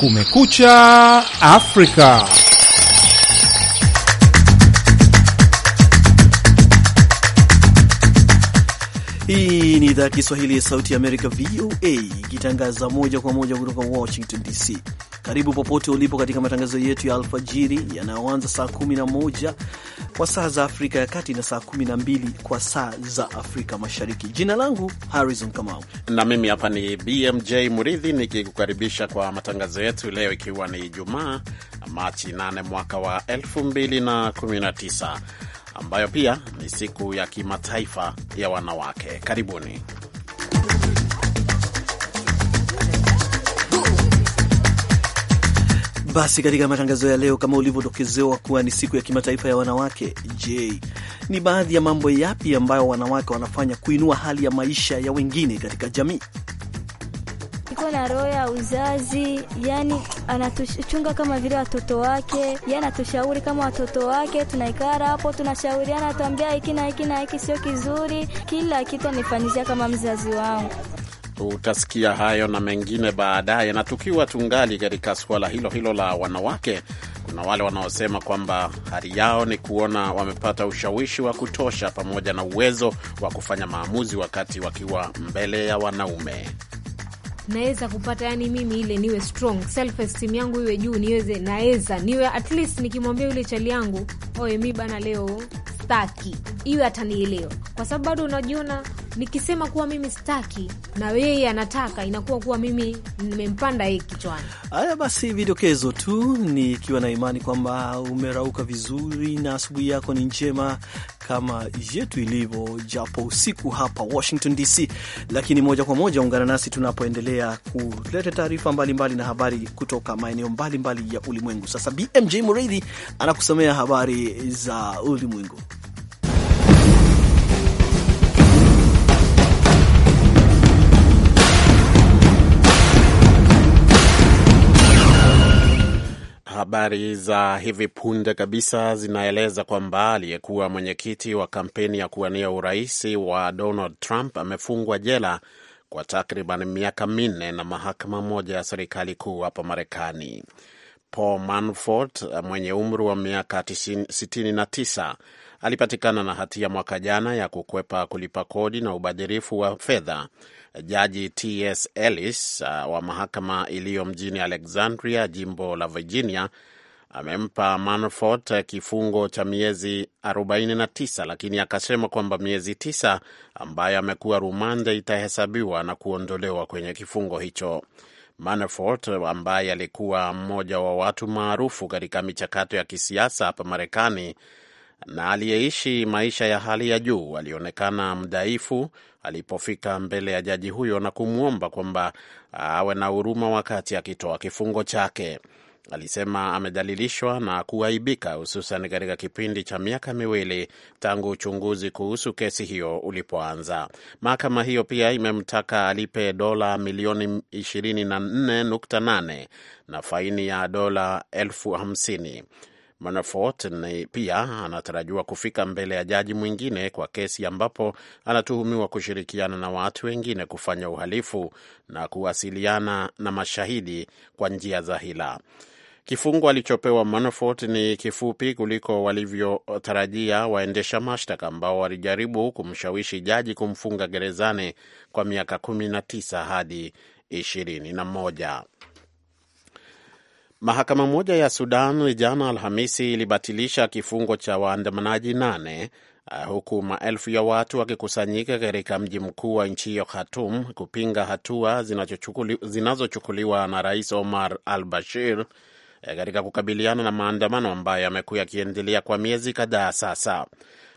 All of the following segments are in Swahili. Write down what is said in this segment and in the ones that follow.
Kumekucha Afrika. Hii ni idhaa ya Kiswahili ya Sauti ya Amerika, VOA, ikitangaza moja kwa moja kutoka Washington DC. Karibu popote ulipo katika matangazo yetu ya alfajiri yanayoanza saa 11 kwa saa za Afrika ya Kati na saa 12 kwa saa za Afrika Mashariki. Jina langu Harrison Kamau na mimi hapa ni BMJ Muridhi nikikukaribisha kwa matangazo yetu leo, ikiwa ni Ijumaa Machi 8 mwaka wa 2019 ambayo pia ni siku ya kimataifa ya wanawake. Karibuni. Basi katika matangazo ya leo, kama ulivyodokezewa kuwa ni siku ya kimataifa ya wanawake, je, ni baadhi ya mambo yapi ambayo wanawake wanafanya kuinua hali ya maisha ya wengine katika jamii? Iko na roho ya uzazi, yani anatuchunga kama vile watoto wake, yani anatushauri kama watoto wake. Tunaikara hapo tunashauriana, tuambia hiki na hiki na hiki sio kizuri, kila kitu anifanyizia kama mzazi wangu. Utasikia hayo na mengine baadaye. Na tukiwa tungali katika suala hilo hilo la wanawake, kuna wale wanaosema kwamba hali yao ni kuona wamepata ushawishi wa kutosha pamoja na uwezo wa kufanya maamuzi wakati wakiwa mbele ya wanaume naweza kupata yani, mimi ile niwe strong, self esteem yangu iwe juu, niweze naweza niwe at least, nikimwambia yule chali yangu oye, mi bana, leo staki, iwe atanielewa, kwa sababu bado unajiona nikisema kuwa mimi sitaki na yeye anataka, inakuwa kuwa mimi nimempanda yeye kichwani. Haya basi, vidokezo tu, nikiwa na imani kwamba umerauka vizuri na asubuhi yako ni njema kama yetu ilivyo, japo usiku hapa Washington DC. Lakini moja kwa moja ungana nasi tunapoendelea kuleta taarifa mbalimbali na habari kutoka maeneo mbalimbali ya ulimwengu. Sasa BMJ Mureithi anakusomea habari za ulimwengu. Habari za hivi punde kabisa zinaeleza kwamba aliyekuwa mwenyekiti wa kampeni ya kuwania urais wa Donald Trump amefungwa jela kwa takriban miaka minne na mahakama moja ya serikali kuu hapa Marekani. Paul Manafort mwenye umri wa miaka 69 alipatikana na hatia mwaka jana ya kukwepa kulipa kodi na ubadhirifu wa fedha Jaji TS Ellis uh, wa mahakama iliyo mjini Alexandria, jimbo la Virginia, amempa Manafort uh, kifungo cha miezi 49 lakini akasema kwamba miezi tisa ambayo amekuwa rumande itahesabiwa na kuondolewa kwenye kifungo hicho. Manafort uh, ambaye alikuwa mmoja wa watu maarufu katika michakato ya kisiasa hapa Marekani na aliyeishi maisha ya hali ya juu alionekana mdhaifu alipofika mbele ya jaji huyo na kumwomba kwamba awe na huruma wakati akitoa kifungo chake. Alisema amedhalilishwa na kuaibika, hususan katika kipindi cha miaka miwili tangu uchunguzi kuhusu kesi hiyo ulipoanza. Mahakama hiyo pia imemtaka alipe dola milioni 24.8 na faini ya dola elfu hamsini. Manafort pia anatarajiwa kufika mbele ya jaji mwingine kwa kesi ambapo anatuhumiwa kushirikiana na watu wengine kufanya uhalifu na kuwasiliana na mashahidi kwa njia za hila. Kifungo alichopewa Manafort ni kifupi kuliko walivyotarajia waendesha mashtaka ambao walijaribu kumshawishi jaji kumfunga gerezani kwa miaka 19 hadi 21. Mahakama moja ya Sudan jana Alhamisi ilibatilisha kifungo cha waandamanaji nane eh, huku maelfu ya watu wakikusanyika katika mji mkuu wa nchi hiyo Khartoum kupinga hatua zinazochukuliwa na Rais Omar al Bashir eh, katika kukabiliana na maandamano ambayo yamekuwa yakiendelea kwa miezi kadhaa sasa.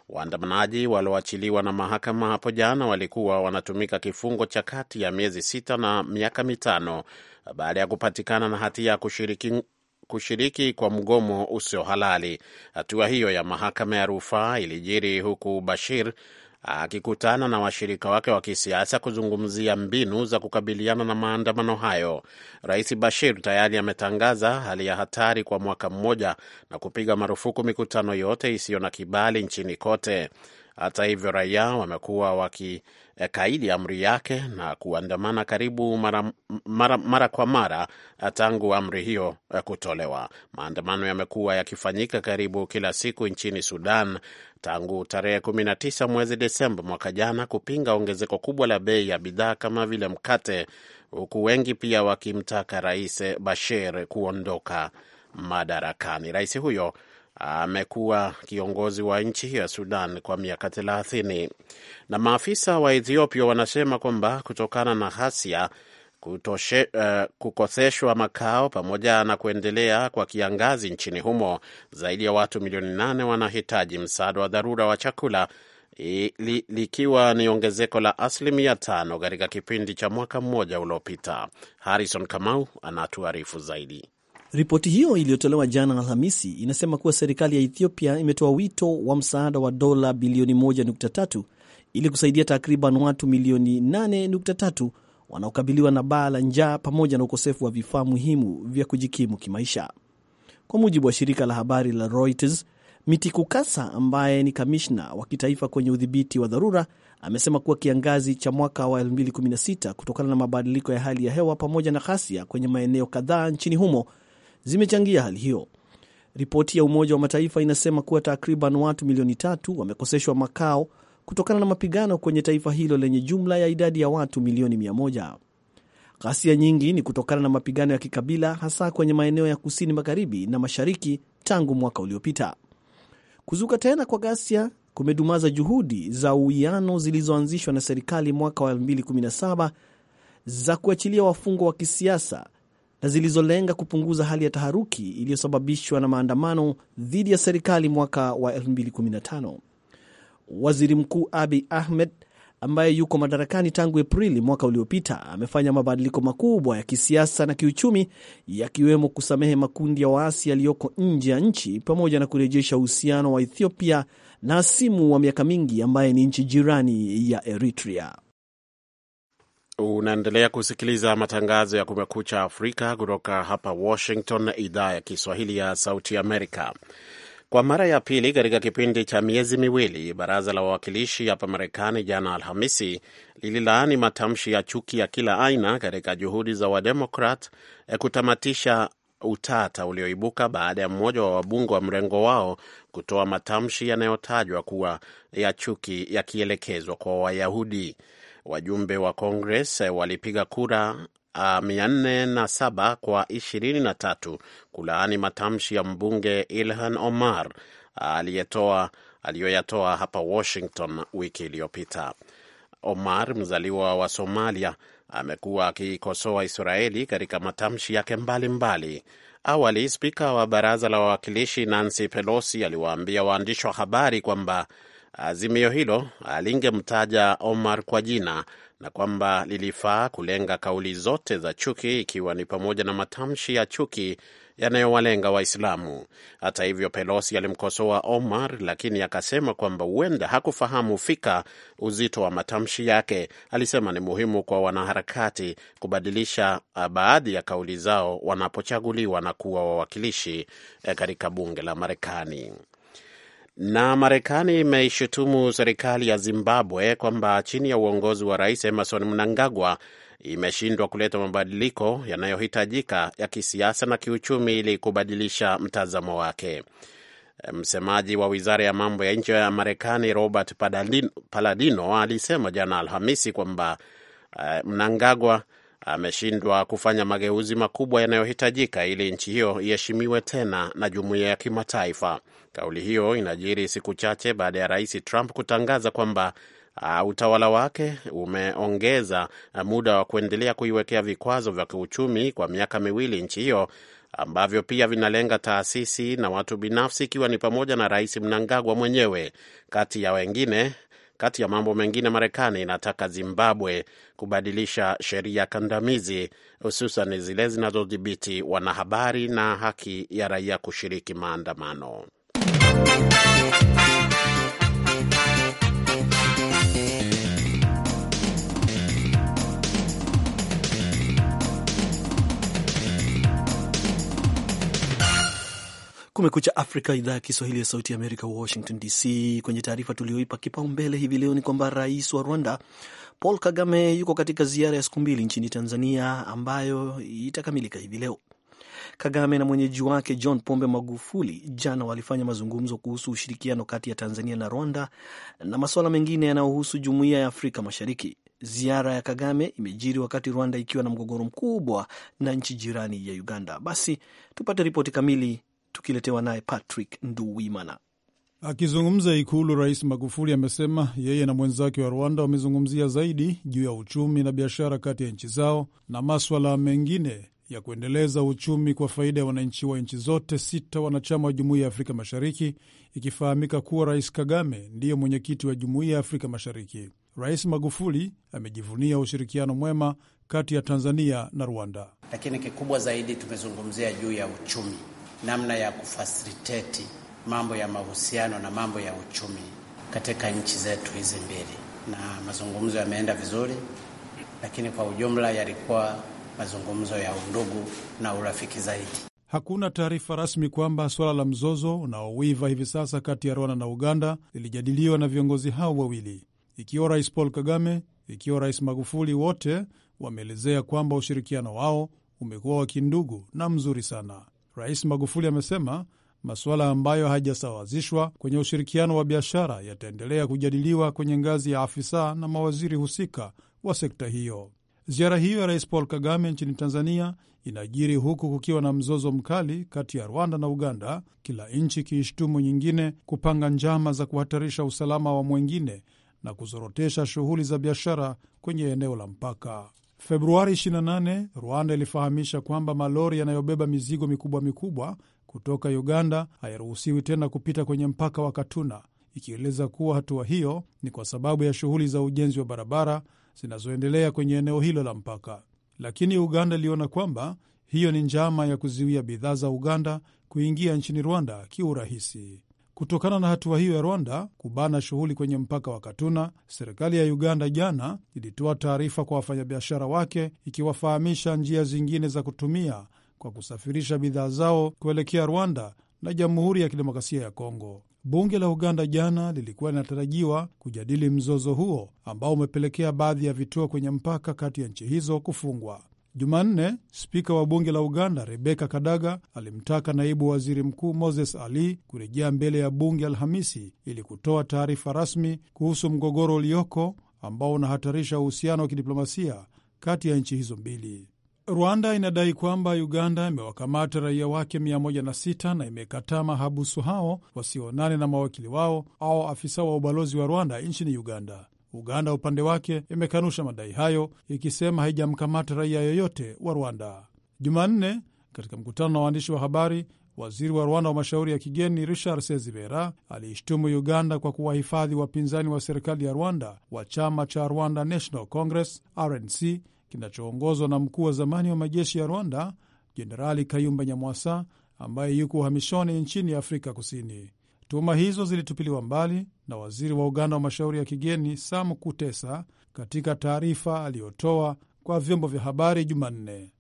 Waandamanaji walioachiliwa na mahakama hapo jana walikuwa wanatumika kifungo cha kati ya miezi sita na miaka mitano baada ya kupatikana na hatia ya kushiriki kushiriki kwa mgomo usio halali. Hatua hiyo ya mahakama ya rufaa ilijiri huku Bashir akikutana na washirika wake wa kisiasa kuzungumzia mbinu za kukabiliana na maandamano hayo. Rais Bashir tayari ametangaza hali ya hatari kwa mwaka mmoja na kupiga marufuku mikutano yote isiyo na kibali nchini kote. Hata hivyo, raia wamekuwa waki Eh, kaidi amri yake na kuandamana karibu mara, mara, mara kwa mara eh, tangu amri hiyo eh, kutolewa. Maandamano yamekuwa yakifanyika karibu kila siku nchini Sudan tangu tarehe 19 mwezi Desemba mwaka jana kupinga ongezeko kubwa la bei ya bidhaa kama vile mkate, huku wengi pia wakimtaka Rais Bashir kuondoka madarakani. Rais huyo amekuwa kiongozi wa nchi ya Sudan kwa miaka thelathini. Na maafisa wa Ethiopia wanasema kwamba kutokana na ghasia uh, kukoseshwa makao pamoja na kuendelea kwa kiangazi nchini humo, zaidi ya watu milioni nane wanahitaji msaada wa dharura wa chakula li, likiwa ni ongezeko la asilimia tano katika kipindi cha mwaka mmoja uliopita. Harrison Kamau anatuarifu zaidi. Ripoti hiyo iliyotolewa jana Alhamisi inasema kuwa serikali ya Ethiopia imetoa wito wa msaada wa dola bilioni 1.3 ili kusaidia takriban watu milioni 8.3 wanaokabiliwa na baa la njaa pamoja na ukosefu wa vifaa muhimu vya kujikimu kimaisha. Kwa mujibu wa shirika la habari la Reuters, Miti Kukasa ambaye ni kamishna wa kitaifa kwenye udhibiti wa dharura amesema kuwa kiangazi cha mwaka wa 2016 kutokana na mabadiliko ya hali ya hewa pamoja na ghasia kwenye maeneo kadhaa nchini humo zimechangia hali hiyo. Ripoti ya Umoja wa Mataifa inasema kuwa takriban watu milioni tatu wamekoseshwa makao kutokana na mapigano kwenye taifa hilo lenye jumla ya idadi ya watu milioni mia moja. Ghasia nyingi ni kutokana na mapigano ya kikabila hasa kwenye maeneo ya kusini magharibi na mashariki tangu mwaka uliopita. Kuzuka tena kwa ghasia kumedumaza juhudi za uwiano zilizoanzishwa na serikali mwaka wa 2017 za kuachilia wafungwa wa kisiasa na zilizolenga kupunguza hali ya taharuki iliyosababishwa na maandamano dhidi ya serikali mwaka wa 2015. Waziri Mkuu abi Ahmed ambaye yuko madarakani tangu Aprili mwaka uliopita amefanya mabadiliko makubwa ya kisiasa na kiuchumi, yakiwemo kusamehe makundi ya waasi yaliyoko nje ya nchi pamoja na kurejesha uhusiano wa Ethiopia na hasimu wa miaka mingi ambaye ni nchi jirani ya Eritrea. Unaendelea kusikiliza matangazo ya Kumekucha Afrika kutoka hapa Washington idhaa ya Kiswahili ya Sauti Amerika. Kwa mara ya pili katika kipindi cha miezi miwili, baraza la wawakilishi hapa Marekani jana Alhamisi lililaani matamshi ya chuki ya kila aina katika juhudi za Wademokrat eh, kutamatisha utata ulioibuka baada ya mmoja wa wabunge wa mrengo wao kutoa matamshi yanayotajwa kuwa ya chuki yakielekezwa kwa Wayahudi wajumbe wa Congress eh, walipiga kura 407 uh, ah, kwa 23 kulaani matamshi ya mbunge Ilhan Omar ah, aliyoyatoa hapa Washington wiki iliyopita. Omar mzaliwa wa Somalia amekuwa akiikosoa Israeli katika matamshi yake mbalimbali mbali. Awali spika wa baraza la wawakilishi Nancy Pelosi aliwaambia waandishi wa habari kwamba azimio hilo alingemtaja Omar kwa jina na kwamba lilifaa kulenga kauli zote za chuki ikiwa ni pamoja na matamshi ya chuki yanayowalenga Waislamu. Hata hivyo, Pelosi alimkosoa Omar, lakini akasema kwamba huenda hakufahamu fika uzito wa matamshi yake. Alisema ni muhimu kwa wanaharakati kubadilisha uh, baadhi ya kauli zao wanapochaguliwa na kuwa wawakilishi eh, katika bunge la Marekani. Na Marekani imeishutumu serikali ya Zimbabwe kwamba chini ya uongozi wa Rais Emerson Mnangagwa imeshindwa kuleta mabadiliko yanayohitajika ya kisiasa na kiuchumi ili kubadilisha mtazamo wake. Msemaji wa wizara ya mambo ya nje ya Marekani Robert Paladino alisema jana Alhamisi kwamba uh, Mnangagwa ameshindwa kufanya mageuzi makubwa yanayohitajika ili nchi hiyo iheshimiwe tena na jumuiya ya kimataifa. Kauli hiyo inajiri siku chache baada ya rais Trump kutangaza kwamba Uh, utawala wake umeongeza ah, muda wa kuendelea kuiwekea vikwazo vya kiuchumi kwa miaka miwili nchi hiyo ambavyo pia vinalenga taasisi na watu binafsi ikiwa ni pamoja na Rais Mnangagwa mwenyewe kati ya wengine kati ya mambo mengine, Marekani inataka Zimbabwe kubadilisha sheria kandamizi, hususan zile zinazodhibiti wanahabari na haki ya raia kushiriki maandamano. Kumekucha Afrika, idhaa ya Kiswahili ya Sauti ya Amerika, Washington DC. Kwenye taarifa tulioipa kipaumbele hivi leo ni kwamba rais wa Rwanda Paul Kagame yuko katika ziara ya siku mbili nchini Tanzania ambayo itakamilika hivi leo. Kagame na mwenyeji wake John Pombe Magufuli jana walifanya mazungumzo kuhusu ushirikiano kati ya Tanzania na Rwanda na masuala mengine yanayohusu jumuiya ya Afrika Mashariki. Ziara ya Kagame imejiri wakati Rwanda ikiwa na mgogoro mkubwa na nchi jirani ya Uganda. Basi tupate ripoti kamili tukiletewa naye Patrick Nduwimana. Akizungumza Ikulu, Rais Magufuli amesema yeye na mwenzake wa Rwanda wamezungumzia zaidi juu ya uchumi na biashara kati ya nchi zao na maswala mengine ya kuendeleza uchumi kwa faida ya wananchi wa nchi zote sita wanachama wa Jumuiya ya Afrika Mashariki, ikifahamika kuwa Rais Kagame ndiyo mwenyekiti wa Jumuiya ya Afrika Mashariki. Rais Magufuli amejivunia ushirikiano mwema kati ya Tanzania na Rwanda. Lakini kikubwa zaidi tumezungumzia juu ya uchumi namna ya kufasiliteti mambo ya mahusiano na mambo ya uchumi katika nchi zetu hizi mbili, na mazungumzo yameenda vizuri, lakini kwa ujumla yalikuwa mazungumzo ya undugu na urafiki zaidi. Hakuna taarifa rasmi kwamba suala la mzozo unaowiva hivi sasa kati ya Rwanda na Uganda lilijadiliwa na viongozi hao wawili, ikiwa Rais Paul Kagame, ikiwa Rais Magufuli, wote wameelezea kwamba ushirikiano wao umekuwa wa kindugu na mzuri sana. Rais Magufuli amesema masuala ambayo hayajasawazishwa kwenye ushirikiano wa biashara yataendelea kujadiliwa kwenye ngazi ya afisa na mawaziri husika wa sekta hiyo. Ziara hiyo ya Rais Paul Kagame nchini Tanzania inajiri huku kukiwa na mzozo mkali kati ya Rwanda na Uganda, kila nchi ikiishtumu nyingine kupanga njama za kuhatarisha usalama wa mwengine na kuzorotesha shughuli za biashara kwenye eneo la mpaka. Februari 28 Rwanda ilifahamisha kwamba malori yanayobeba mizigo mikubwa mikubwa kutoka Uganda hayaruhusiwi tena kupita kwenye mpaka wa Katuna, ikieleza kuwa hatua hiyo ni kwa sababu ya shughuli za ujenzi wa barabara zinazoendelea kwenye eneo hilo la mpaka. Lakini Uganda iliona kwamba hiyo ni njama ya kuziwia bidhaa za Uganda kuingia nchini Rwanda kiurahisi. Kutokana na hatua hiyo ya Rwanda kubana shughuli kwenye mpaka wa Katuna, serikali ya Uganda jana ilitoa taarifa kwa wafanyabiashara wake ikiwafahamisha njia zingine za kutumia kwa kusafirisha bidhaa zao kuelekea Rwanda na Jamhuri ya Kidemokrasia ya Kongo. Bunge la Uganda jana lilikuwa linatarajiwa kujadili mzozo huo ambao umepelekea baadhi ya vituo kwenye mpaka kati ya nchi hizo kufungwa. Jumanne, spika wa bunge la Uganda Rebeka Kadaga alimtaka naibu waziri mkuu Moses Ali kurejea mbele ya bunge Alhamisi ili kutoa taarifa rasmi kuhusu mgogoro ulioko ambao unahatarisha uhusiano wa kidiplomasia kati ya nchi hizo mbili. Rwanda inadai kwamba Uganda imewakamata raia wake 106 na imekataa mahabusu hao wasionane na mawakili wao au afisa wa ubalozi wa Rwanda nchini Uganda. Uganda upande wake imekanusha madai hayo, ikisema haijamkamata raia yoyote wa Rwanda. Jumanne, katika mkutano na waandishi wa habari, waziri wa Rwanda wa mashauri ya kigeni Richard Sezibera aliishtumu Uganda kwa kuwahifadhi wapinzani wa serikali ya Rwanda wa chama cha Rwanda National Congress RNC kinachoongozwa na mkuu wa zamani wa majeshi ya Rwanda Jenerali Kayumba Nyamwasa ambaye yuko uhamishoni nchini Afrika Kusini. Tuhuma hizo zilitupiliwa mbali na waziri wa Uganda wa mashauri ya kigeni Sam Kutesa katika taarifa aliyotoa kwa vyombo vya habari Jumanne.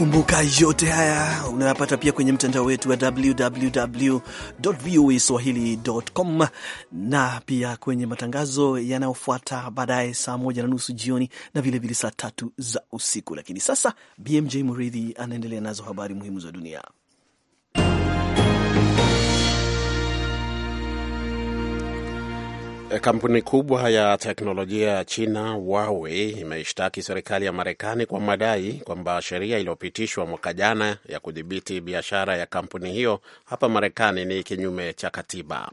Kumbuka yote haya unayapata pia kwenye mtandao wetu wa swahili.com na pia kwenye matangazo yanayofuata baadaye saa moja na nusu jioni na vilevile saa tatu za usiku. Lakini sasa BMJ Muridhi anaendelea nazo habari muhimu za dunia. Eh, kampuni kubwa ya teknolojia ya China Huawei imeishtaki serikali ya Marekani kwa madai kwamba sheria iliyopitishwa mwaka jana ya kudhibiti biashara ya kampuni hiyo hapa Marekani ni kinyume cha katiba.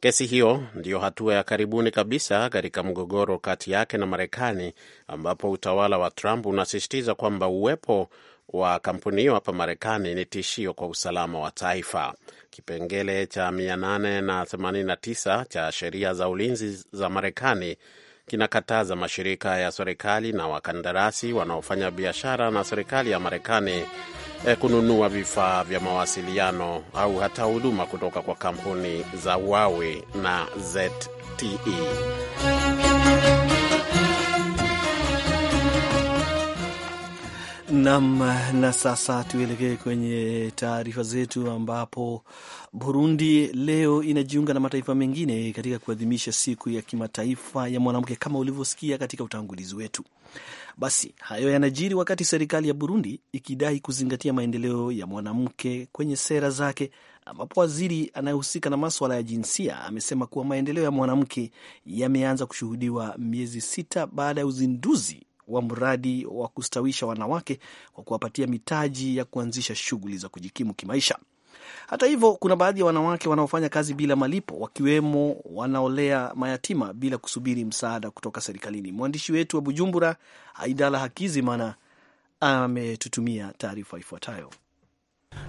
Kesi hiyo ndiyo hatua ya karibuni kabisa katika mgogoro kati yake na Marekani, ambapo utawala wa Trump unasisitiza kwamba uwepo wa kampuni hiyo hapa Marekani ni tishio kwa usalama wa taifa. Kipengele cha 889 cha sheria za ulinzi za Marekani kinakataza mashirika ya serikali na wakandarasi wanaofanya biashara na serikali ya Marekani eh, kununua vifaa vya mawasiliano au hata huduma kutoka kwa kampuni za Huawei na ZTE. Nam, na sasa tuelekee kwenye taarifa zetu, ambapo Burundi leo inajiunga na mataifa mengine katika kuadhimisha siku ya kimataifa ya mwanamke, kama ulivyosikia katika utangulizi wetu. Basi hayo yanajiri wakati serikali ya Burundi ikidai kuzingatia maendeleo ya mwanamke kwenye sera zake, ambapo waziri anayehusika na maswala ya jinsia amesema kuwa maendeleo ya mwanamke yameanza kushuhudiwa miezi sita baada ya uzinduzi wa mradi wa kustawisha wanawake kwa kuwapatia mitaji ya kuanzisha shughuli za kujikimu kimaisha. Hata hivyo, kuna baadhi ya wanawake wanaofanya kazi bila malipo, wakiwemo wanaolea mayatima bila kusubiri msaada kutoka serikalini. Mwandishi wetu wa Bujumbura, Aidala Hakizimana, ametutumia taarifa ifuatayo.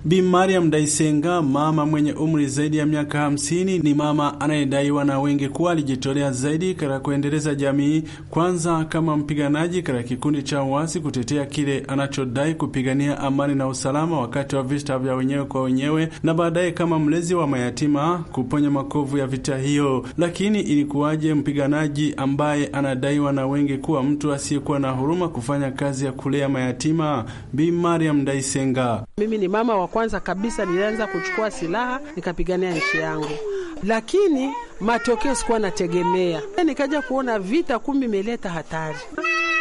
Bi Mariam Daisenga, mama mwenye umri zaidi ya miaka hamsini, ni mama anayedaiwa na wengi kuwa alijitolea zaidi katika kuendeleza jamii, kwanza kama mpiganaji katika kikundi cha uasi kutetea kile anachodai kupigania amani na usalama wakati wa vita vya wenyewe kwa wenyewe, na baadaye kama mlezi wa mayatima kuponya makovu ya vita hiyo. Lakini ilikuwaje mpiganaji ambaye anadaiwa na wengi kuwa mtu asiyekuwa na huruma kufanya kazi ya kulea mayatima? Bi Mariam Daisenga: mimi ni mama wa kwanza kabisa nilianza kuchukua silaha nikapigania nchi yangu, lakini matokeo sikuwa nategemea. Nikaja kuona vita kumbe imeleta hatari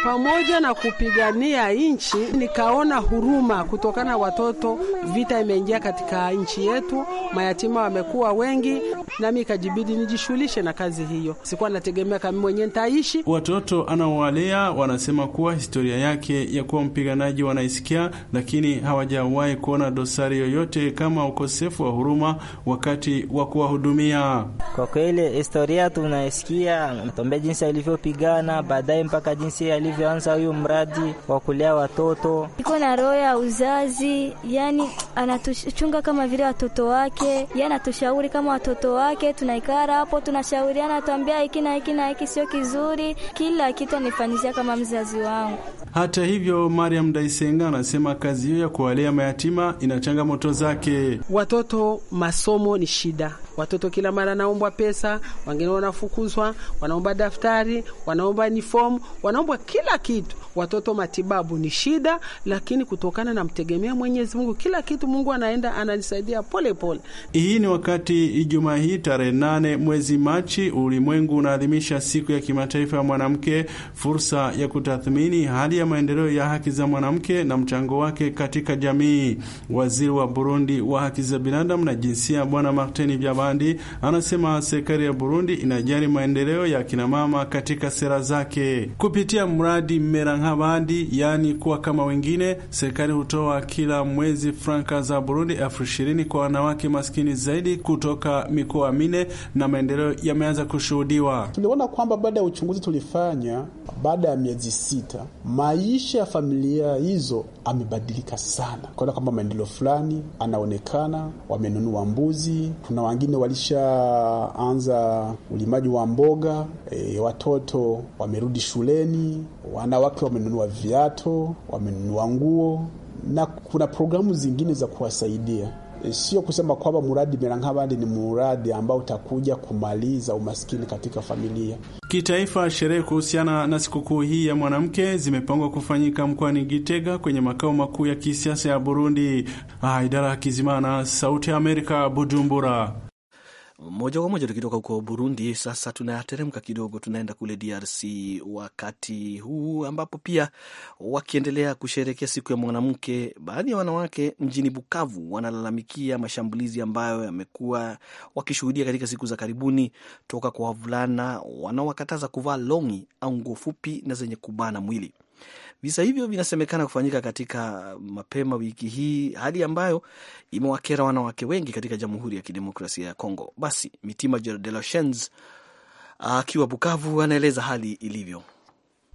pamoja na kupigania nchi, nikaona huruma kutokana na watoto. Vita imeingia katika nchi yetu, mayatima wamekuwa wengi, nami ikajibidi nijishughulishe na kazi hiyo. Sikuwa nategemea kama mwenye nitaishi. Watoto anaowalea wanasema kuwa historia yake ya kuwa mpiganaji wanaisikia, lakini hawajawahi kuona dosari yoyote kama ukosefu wa huruma wakati wa kuwahudumia. Kwa kweli historia tunaisikia tombe jinsi alivyopigana baadaye mpaka jinsi alivyoanza huyu mradi wa kulea watoto. Iko na roho ya uzazi, yani anatuchunga kama vile watoto wake, ye anatushauri kama watoto wake. Tunaikara hapo tunashauriana, tuambia hiki na hiki na hiki sio kizuri, kila kitu anifanyizia kama mzazi wangu. Hata hivyo, Mariam Daisenga anasema kazi hiyo ya kuwalea mayatima ina changamoto zake. Watoto masomo ni shida Watoto kila mara naombwa pesa, wengine wanafukuzwa, wanaomba daftari, wanaomba uniform, wanaomba kila kitu. Watoto matibabu ni shida, lakini kutokana na mtegemea Mwenyezi Mungu kila kitu Mungu anaenda ananisaidia pole pole. Hii ni wakati Ijumaa hii tarehe nane mwezi Machi ulimwengu unaadhimisha siku ya kimataifa ya mwanamke, fursa ya kutathmini hali ya maendeleo ya haki za mwanamke na mchango wake katika jamii. Waziri wa Burundi wa haki za binadamu na jinsia Bwana Martin Byabana Bandi anasema serikali ya Burundi inajali maendeleo ya kinamama katika sera zake kupitia mradi mera nk'abandi, yaani kuwa kama wengine. Serikali hutoa kila mwezi franka za Burundi elfu ishirini kwa wanawake maskini zaidi kutoka mikoa mine, na maendeleo yameanza kushuhudiwa. Tuliona kwamba baada ya uchunguzi tulifanya baada ya miezi sita, maisha ya familia hizo amebadilika sana, kuona kwamba maendeleo fulani anaonekana, wamenunua mbuzi, kuna wengine walishaanza ulimaji wa mboga e, watoto wamerudi shuleni, wanawake wamenunua viato, wamenunua nguo na kuna programu zingine za kuwasaidia. E, sio kusema kwamba muradi Merankabandi ni muradi ambao utakuja kumaliza umaskini katika familia. Kitaifa, sherehe kuhusiana na sikukuu hii ya mwanamke zimepangwa kufanyika mkoani Gitega kwenye makao makuu ya kisiasa ya Burundi. Ah, Idara ya Kizimana, Sauti ya Amerika, Bujumbura. Moja kwa moja tukitoka huko Burundi, sasa tunateremka kidogo, tunaenda kule DRC wakati huu ambapo pia wakiendelea kusherehekea siku ya mwanamke, baadhi ya wanawake mjini Bukavu wanalalamikia mashambulizi ambayo yamekuwa wakishuhudia katika siku za karibuni toka kwa wavulana wanaowakataza kuvaa longi au nguo fupi na zenye kubana mwili. Visa hivyo vinasemekana kufanyika katika mapema wiki hii, hali ambayo imewakera wanawake wengi katika Jamhuri ya Kidemokrasia ya Kongo. Basi Mitima de la ah, akiwa Bukavu anaeleza hali ilivyo.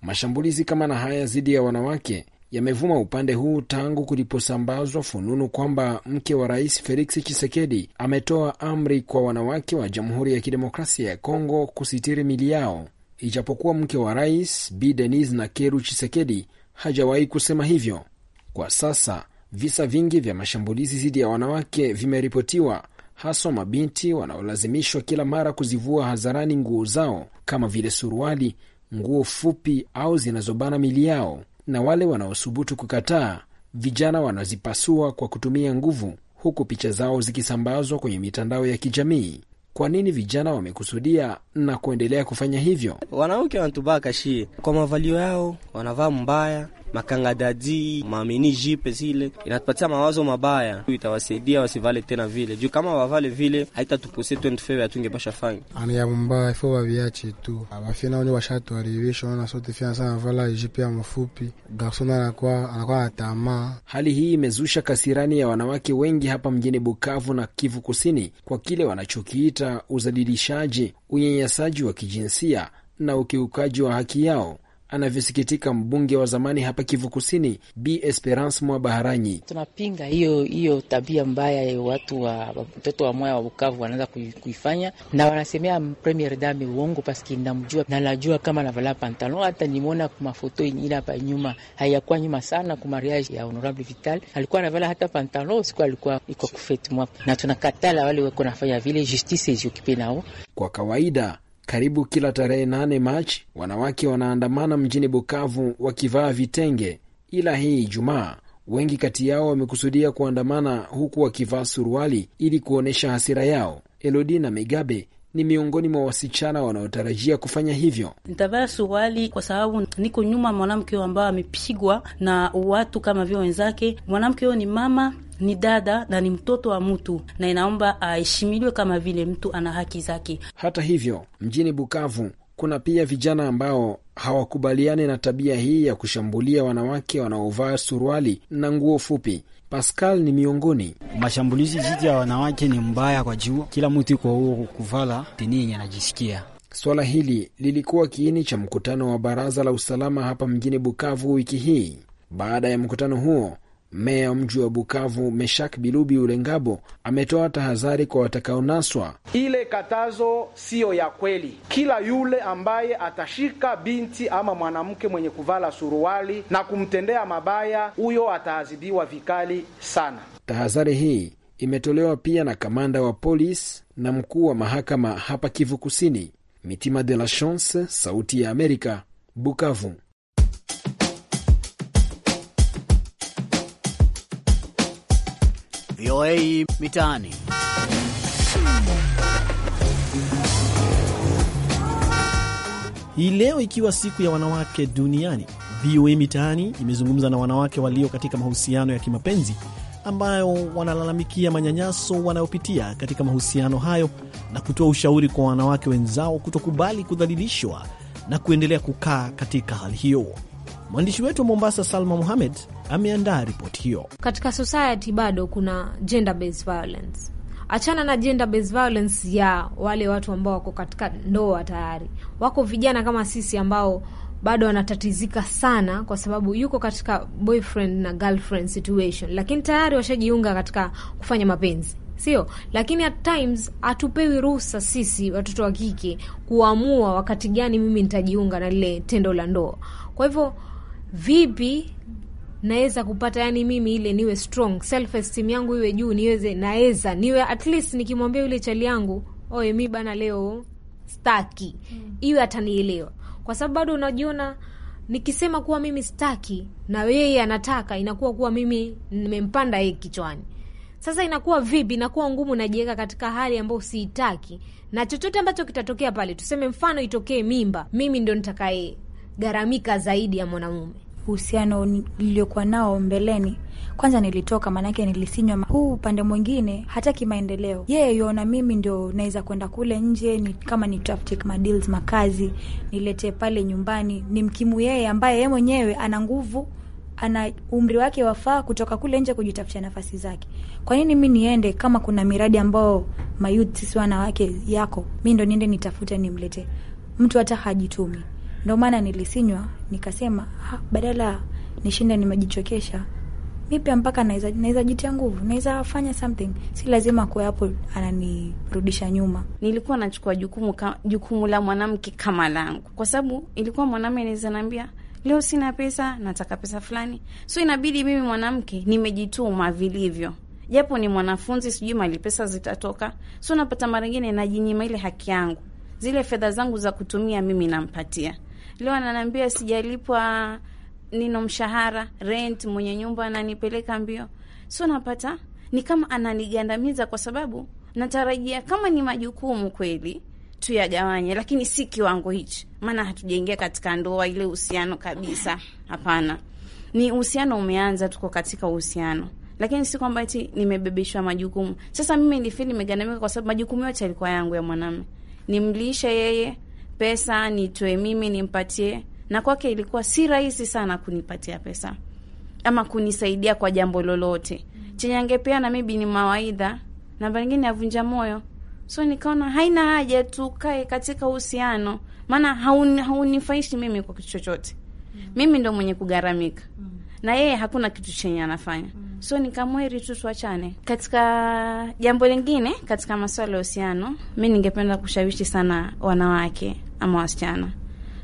Mashambulizi kama na haya dhidi ya wanawake yamevuma upande huu tangu kuliposambazwa fununu kwamba mke wa rais Felix Tshisekedi ametoa amri kwa wanawake wa Jamhuri ya Kidemokrasia ya Kongo kusitiri mili yao ijapokuwa mke wa rais Bi na Nakeru Chisekedi hajawahi kusema hivyo. Kwa sasa visa vingi vya mashambulizi dhidi ya wanawake vimeripotiwa, haswa mabinti wanaolazimishwa kila mara kuzivua hadharani nguo zao kama vile suruali, nguo fupi au zinazobana mili yao, na wale wanaosubutu kukataa, vijana wanazipasua kwa kutumia nguvu, huku picha zao zikisambazwa kwenye mitandao ya kijamii kwa nini vijana wamekusudia na kuendelea kufanya hivyo. Wanawake wanatubaka kashie kwa mavalio yao, wanavaa mbaya makangadadi maamini jipe zile inatupatia mawazo mabaya, itawasaidia wasivale tena vile juu, kama wavale vile haitatupose 20 Februari atungepasha fanya ani ya mbaya ifo waviache tu wafina oni washatuaribisha ona sote fia sana vala jipe ya mfupi garson anakuwa anakuwa atamaa. Hali hii imezusha kasirani ya wanawake wengi hapa mjini Bukavu na Kivu Kusini kwa kile wanachokiita kufuata udhalilishaji, unyanyasaji wa kijinsia na ukiukaji wa haki yao anavyosikitika mbunge wa zamani hapa Kivu Kusini, Bi Esperance Mwa Baharanyi. Tunapinga hiyo hiyo tabia mbaya ya watu wa mtoto wa moya wa Bukavu wanaweza kuifanya na wanasemea premier dame uongo, paski namjua na najua kama navala pantalon, hata nimona mafoto ile hapa nyuma, hayakuwa nyuma sana ku mariage ya honorable Vital alikuwa navala hata pantalon siku alikuwa iko kufetmwa, na tunakatala wale wako nafanya vile, justice ijukipe nao. Kwa kawaida karibu kila tarehe 8 Machi wanawake wanaandamana mjini Bukavu wakivaa vitenge, ila hii Ijumaa wengi kati yao wamekusudia kuandamana huku wakivaa suruali ili kuonyesha hasira yao. Elodina Migabe ni miongoni mwa wasichana wanaotarajia kufanya hivyo. Nitavaa suruali kwa sababu niko nyuma mwanamke huyo amepigwa na watu kama vile wenzake. Mwanamke huyo ni mama, ni dada na ni mtoto wa mtu na inaomba aheshimiliwe kama vile mtu ana haki zake. Hata hivyo, mjini Bukavu kuna pia vijana ambao hawakubaliani na tabia hii ya kushambulia wanawake wanaovaa suruali na nguo fupi. Pascal ni miongoni. Mashambulizi dhidi ya wanawake ni mbaya kwa juu, kila mtu iko huru kuvala tini yenye anajisikia. Swala hili lilikuwa kiini cha mkutano wa baraza la usalama hapa mjini Bukavu wiki hii. Baada ya mkutano huo Meya wa mji wa Bukavu, Meshak Bilubi Ulengabo, ametoa tahadhari kwa watakaonaswa. Ile katazo siyo ya kweli. Kila yule ambaye atashika binti ama mwanamke mwenye kuvala suruali na kumtendea mabaya, huyo ataadhibiwa vikali sana. Tahadhari hii imetolewa pia na kamanda wa polisi na mkuu wa mahakama hapa Kivu Kusini. Mitima de la Chance, Sauti ya Amerika, Bukavu. VOA Mitaani. Hii leo ikiwa siku ya wanawake duniani, VOA Mitaani imezungumza na wanawake walio katika mahusiano ya kimapenzi ambayo wanalalamikia manyanyaso wanayopitia katika mahusiano hayo na kutoa ushauri kwa wanawake wenzao kutokubali kudhalilishwa na kuendelea kukaa katika hali hiyo. Mwandishi wetu wa Mombasa, Salma muhamed ameandaa ripoti hiyo. Katika society bado kuna gender based violence. Achana na gender based violence ya wale watu ambao wako katika ndoa tayari, wako vijana kama sisi ambao bado wanatatizika sana, kwa sababu yuko katika boyfriend na girlfriend situation, lakini tayari washajiunga katika kufanya mapenzi Sio, lakini at times hatupewi ruhusa sisi watoto wa kike kuamua wakati gani mimi nitajiunga na lile tendo la ndoa. Kwa hivyo vipi naweza kupata yani mimi ile niwe strong self esteem yangu iwe juu, niweze naweza niwe at least nikimwambia yule chali yangu oye, mi bana leo staki mm. iwe atanielewa, kwa sababu bado unajiona nikisema kuwa mimi staki na yeye anataka, inakuwa kuwa mimi nimempanda yeye kichwani. Sasa inakuwa vipi? Inakuwa ngumu, najiweka katika hali ambayo siitaki, na chochote ambacho kitatokea pale, tuseme mfano itokee mimba, mimi ndo nitakaye garamika zaidi ya mwanamume uhusiano niliokuwa nao mbeleni. Kwanza nilitoka, maanake nilisinywa huu upande mwingine, hata kimaendeleo yeye yona mimi ndio naweza kwenda kule nje ni, kama nitafute madeals makazi nilete pale nyumbani, ni mkimu yeye ambaye yeye mwenyewe ana nguvu ana umri wake wafaa kutoka kule nje kujitafutia nafasi zake. Kwa nini mi niende kama kuna miradi ambayo mayuth sisi wanawake yako, mi ndo niende nitafute nimlete mtu hata hajitumi. Ndio maana nilisinywa, nikasema badala nishinde nimejichokesha mi pia mpaka naweza naweza jitia nguvu, naweza fanya something, si lazima kuwa hapo ananirudisha nyuma. Nilikuwa nachukua jukumu ka, jukumu la mwanamke kama langu, kwa sababu ilikuwa mwanamke anaweza niambia leo sina pesa, nataka pesa fulani, so inabidi mimi mwanamke nimejituma vilivyo, japo ni mwanafunzi, sijui mali pesa zitatoka, so napata mara ingine najinyima ile haki yangu, zile fedha zangu za kutumia mimi nampatia Leo ananiambia sijalipwa nino mshahara, rent, mwenye nyumba ananipeleka mbio, so napata ni kama ananigandamiza, kwa sababu natarajia kama ni majukumu kweli tuyagawanye, lakini si kiwango hichi, maana hatujaingia katika ndoa, ile uhusiano kabisa, hapana. Ni uhusiano umeanza, tuko katika uhusiano lakini si kwamba eti nimebebeshwa majukumu. Sasa mimi nilifeel nimegandamika, kwa sababu majukumu yote yalikuwa yangu ya mwanamume, nimlisha yeye, pesa nitoe mimi nimpatie, na kwake ilikuwa si rahisi sana kunipatia pesa ama kunisaidia kwa jambo lolote chenye angepeana mibi ni mawaidha, namba lingine avunja moyo. So nikaona haina haja tukae katika uhusiano, maana haunifaishi mimi kwa kitu chochote. Mm. Mimi ndo mwenye kugaramika. Mm. na yeye hakuna kitu chenye anafanya. Mm so nikamweri tu tuachane. Katika jambo lingine, katika maswala ya uhusiano, mi ningependa kushawishi sana wanawake ama wasichana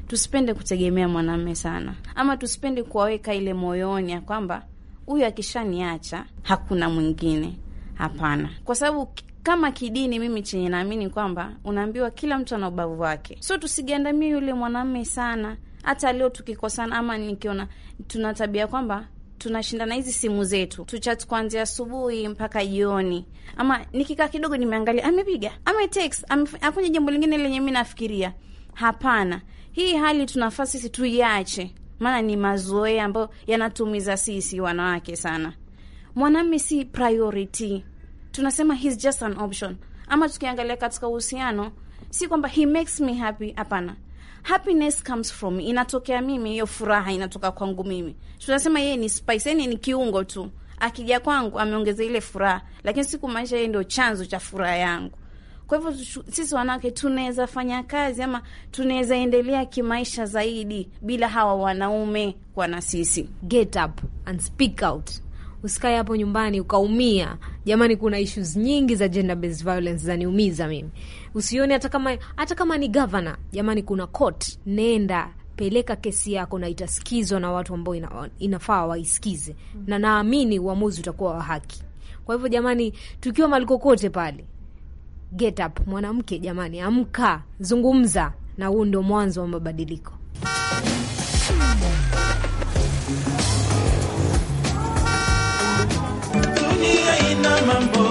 tusipende kutegemea mwanamme sana, ama tusipende kuwaweka ile moyoni ya kwamba huyu akishaniacha hakuna mwingine. Hapana, kwa sababu kama kidini, mimi chenye naamini kwamba unaambiwa kila mtu ana ubavu wake, so tusigandamie yule mwanamme sana. Hata leo tukikosana ama nikiona tuna tabia kwamba tunashinda na hizi simu zetu tuchat kuanzia asubuhi mpaka jioni, ama nikikaa kidogo nimeangalia amepiga ametext afanya jambo lingine lenye mi nafikiria. Hapana, hii hali tunafaa sisi tuiache, maana ni mazoea ambayo yanatumiza sisi wanawake sana. Mwanamme si priority, tunasema he's just an option. Ama tukiangalia katika uhusiano, si kwamba he makes me happy, hapana happiness comes from, me. inatokea mimi, hiyo furaha inatoka kwangu mimi. Tunasema yeye ni spice, yani ni kiungo tu, akija kwangu ameongeza ile furaha, lakini siku maisha yeye ndio chanzo cha furaha yangu. Kwa hivyo sisi wanawake tunaweza fanya kazi ama tunaweza endelea kimaisha zaidi bila hawa wanaume kuwa na sisi. Get up and speak out. Usikae hapo nyumbani ukaumia. Jamani, kuna issues nyingi za gender based violence zaniumiza mimi. Usione hata kama hata kama ni gavana, jamani, kuna court, nenda peleka kesi yako na itasikizwa na watu ambao ina, inafaa waisikize mm -hmm. na naamini uamuzi utakuwa wa haki. Kwa hivyo jamani, tukiwa malikokote pale, get up mwanamke, jamani, amka, zungumza, na huu ndio mwanzo wa mabadiliko. Dunia ina mambo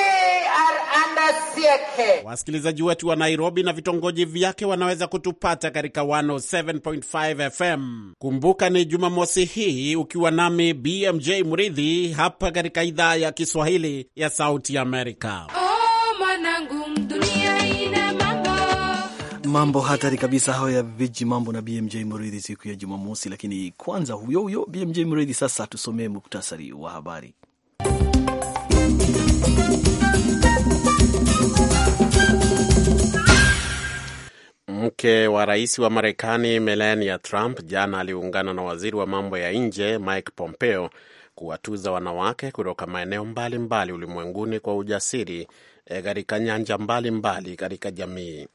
Wasikilizaji wetu wa Nairobi na vitongoji vyake wanaweza kutupata katika 107.5 FM. Kumbuka ni Jumamosi hii ukiwa nami BMJ Mridhi hapa katika idhaa ya Kiswahili ya Sauti Amerika. Oh, mambo hatari kabisa hayo ya viji mambo na BMJ Mridhi siku ya Jumamosi, lakini kwanza huyo huyo BMJ Mridhi sasa tusomee muktasari wa habari. Mke wa rais wa Marekani Melania Trump jana aliungana na waziri wa mambo ya nje Mike Pompeo kuwatuza wanawake kutoka maeneo mbalimbali ulimwenguni kwa ujasiri eh, katika e, nyanja mbalimbali katika jamii.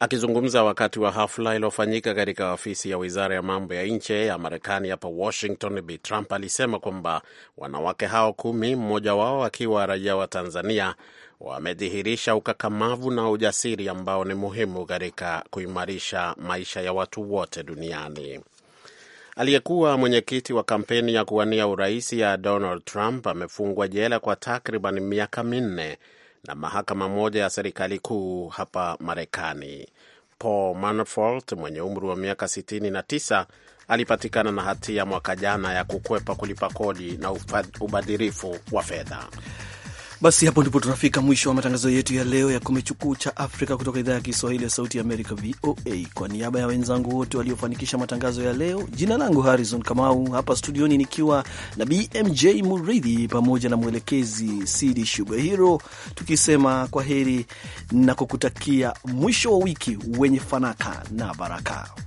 Akizungumza wakati wa hafla iliyofanyika katika ofisi ya wizara ya mambo ya nje ya Marekani hapa Washington, Bi Trump alisema kwamba wanawake hao kumi, mmoja wao akiwa raia wa Tanzania, wamedhihirisha ukakamavu na ujasiri ambao ni muhimu katika kuimarisha maisha ya watu wote duniani. Aliyekuwa mwenyekiti wa kampeni ya kuwania urais ya Donald Trump amefungwa jela kwa takriban miaka minne na mahakama moja ya serikali kuu hapa Marekani. Paul Manafort mwenye umri wa miaka 69 alipatikana na hatia mwaka jana ya kukwepa kulipa kodi na ubadhirifu wa fedha. Basi hapo ndipo tunafika mwisho wa matangazo yetu ya leo ya cha Afrika kutoka idhaa ya Kiswahili ya Sauti ya Amerika, VOA. Kwa niaba ya wenzangu wote waliofanikisha matangazo ya leo, jina langu Harrison Kamau, hapa studioni nikiwa na BMJ Muridhi pamoja na mwelekezi Sidi Shubahiro, tukisema kwa heri na kukutakia mwisho wa wiki wenye fanaka na baraka.